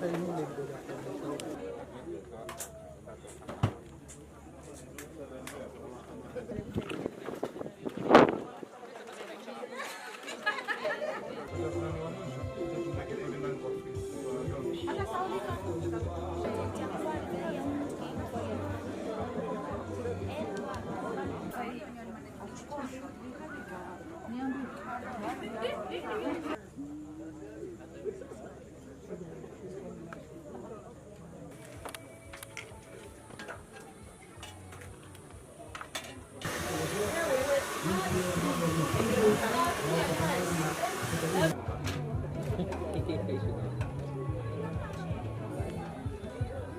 哎，那个。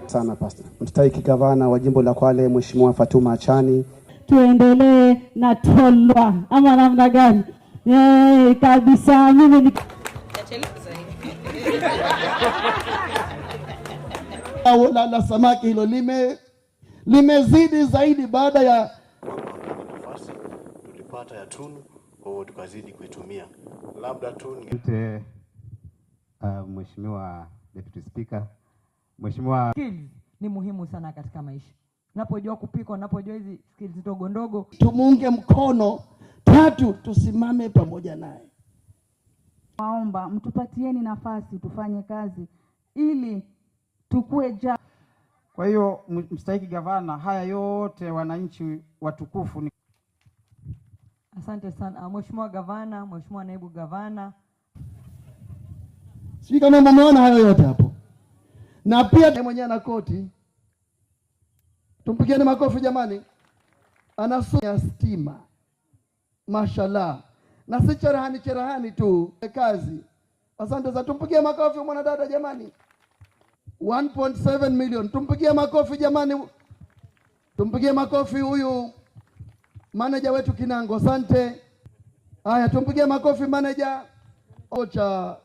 sana Pastor. Mstahiki gavana wa jimbo la Kwale Mheshimiwa Fatuma Achani, tuendelee na Tolwa ama namna gani? Hey, kabisa mimi ni la, la samaki hilo lime limezidi zaidi baada ya nafasi tulipata ya tunu, kwa hiyo tukazidi kuitumia labda tu uh, Mheshimiwa Deputy Speaker Mheshimiwa, skills ni muhimu sana katika maisha, unapojua kupika, unapojua hizi skills ndogo ndogo. Tumuunge mkono, tatu tusimame pamoja naye. Naomba mtupatieni nafasi tufanye kazi ili tukue ja. Kwa hiyo mstahiki gavana, haya yote wananchi watukufu ni... Asante sana ah, Mheshimiwa Gavana, Mheshimiwa Naibu Gavana, sijui kama umeona hayo yote hapo na pia mwenyewe ana koti. Tumpigieni makofi jamani, anasoma stima, mashallah, na si cherehani cherehani tu kazi. Asante za, tumpigie makofi mwanadada jamani, 1.7 million, tumpigie makofi jamani, tumpigie makofi huyu manager wetu Kinango, asante. Haya, tumpigie makofi manager ocha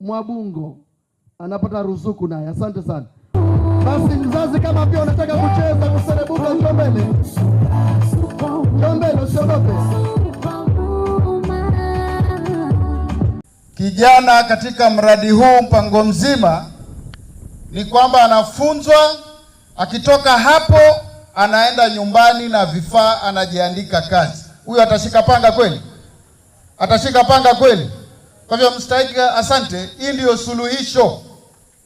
Mwabungo anapata ruzuku naye. Asante sana. Basi mzazi, kama pia unataka kucheza kuserebuka, njoo mbele, njoo mbele, usiogope. Kijana katika mradi huu, mpango mzima ni kwamba anafunzwa, akitoka hapo anaenda nyumbani na vifaa, anajiandika kazi. Huyu atashika panga kweli? Atashika panga kweli? Kwa hivyo mstahiki, asante. Hii ndiyo suluhisho.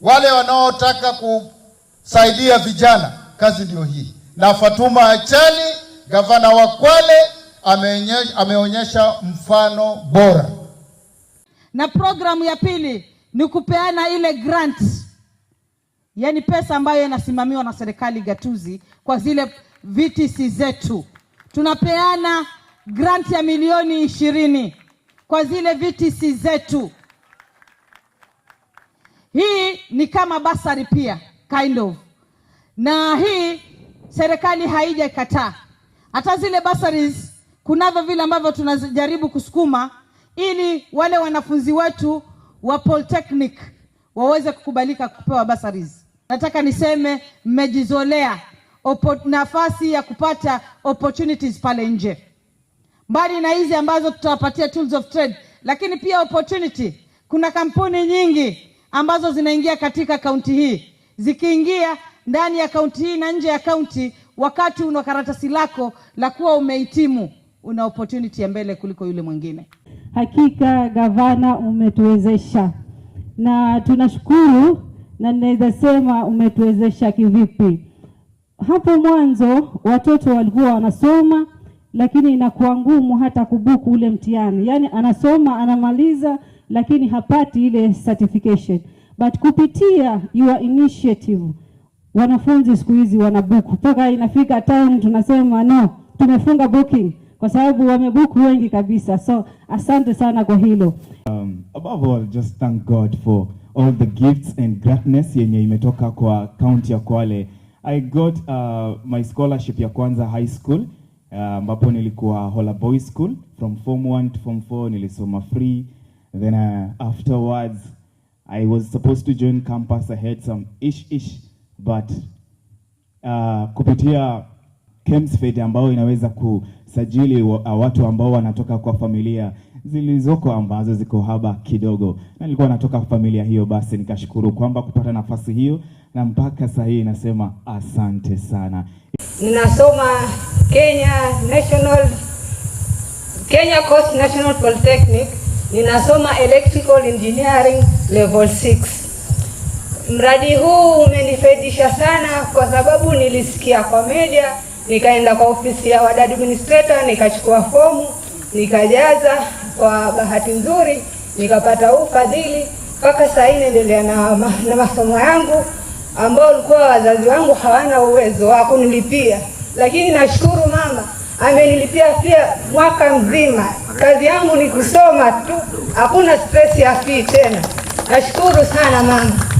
Wale wanaotaka kusaidia vijana, kazi ndio hii. Na Fatuma Achali, gavana wa Kwale, ameonyesha, ameonyesha mfano bora. Na programu ya pili ni kupeana ile grant, yaani pesa ambayo inasimamiwa na serikali gatuzi kwa zile VTC zetu, tunapeana grant ya milioni ishirini kwa zile VTC zetu. Hii ni kama basari pia kind of, na hii serikali haijaikataa. Hata zile basaries kunavyo vile ambavyo tunajaribu kusukuma ili wale wanafunzi wetu wa polytechnic waweze kukubalika kupewa basaries. Nataka niseme mmejizolea nafasi ya kupata opportunities pale nje, mbali na hizi ambazo tutawapatia tools of trade, lakini pia opportunity. Kuna kampuni nyingi ambazo zinaingia katika kaunti hii, zikiingia ndani ya kaunti hii na nje ya kaunti, wakati una karatasi lako la kuwa umehitimu, una opportunity ya mbele kuliko yule mwingine. Hakika gavana, umetuwezesha na tunashukuru, na ninaweza sema umetuwezesha kivipi? Hapo mwanzo watoto walikuwa wanasoma, lakini inakuwa ngumu hata kubuku ule mtihani, yaani anasoma anamaliza lakini hapati ile certification, but kupitia your initiative wanafunzi siku hizi wana book mpaka inafika town tunasema no, tumefunga booking kwa sababu wamebuku wengi kabisa. So asante sana kwa hilo. Um, above all just thank God for all the gifts and greatness yenye imetoka kwa county ya Kwale. I got uh, my scholarship ya kwanza high school uh, ambapo uh, nilikuwa Hola Boys School from form 1 to form 4 nilisoma free Then uh, afterwards, I was supposed to join campus. I had some ish ish, but uh, kupitia KEMSFED ambayo inaweza kusajili wa, uh, watu ambao wanatoka kwa familia zilizoko ambazo ziko haba kidogo, na nilikuwa natoka familia hiyo, basi nikashukuru kwamba kupata nafasi hiyo, na mpaka sasa hii nasema asante sana. Ninasoma Kenya National Kenya Coast National Polytechnic ninasoma electrical engineering level 6. Mradi huu umenifaidisha sana kwa sababu nilisikia kwa media, nikaenda kwa ofisi ya ward administrator, nikachukua fomu nikajaza. Kwa bahati nzuri nikapata ufadhili, mpaka saa hii naendelea na, ma na masomo yangu ambao walikuwa wazazi wangu hawana uwezo wa kunilipia, lakini nashukuru mama amenilipia pia mwaka mzima. Kazi yangu ni kusoma tu, hakuna stress ya fee tena. Nashukuru sana mama.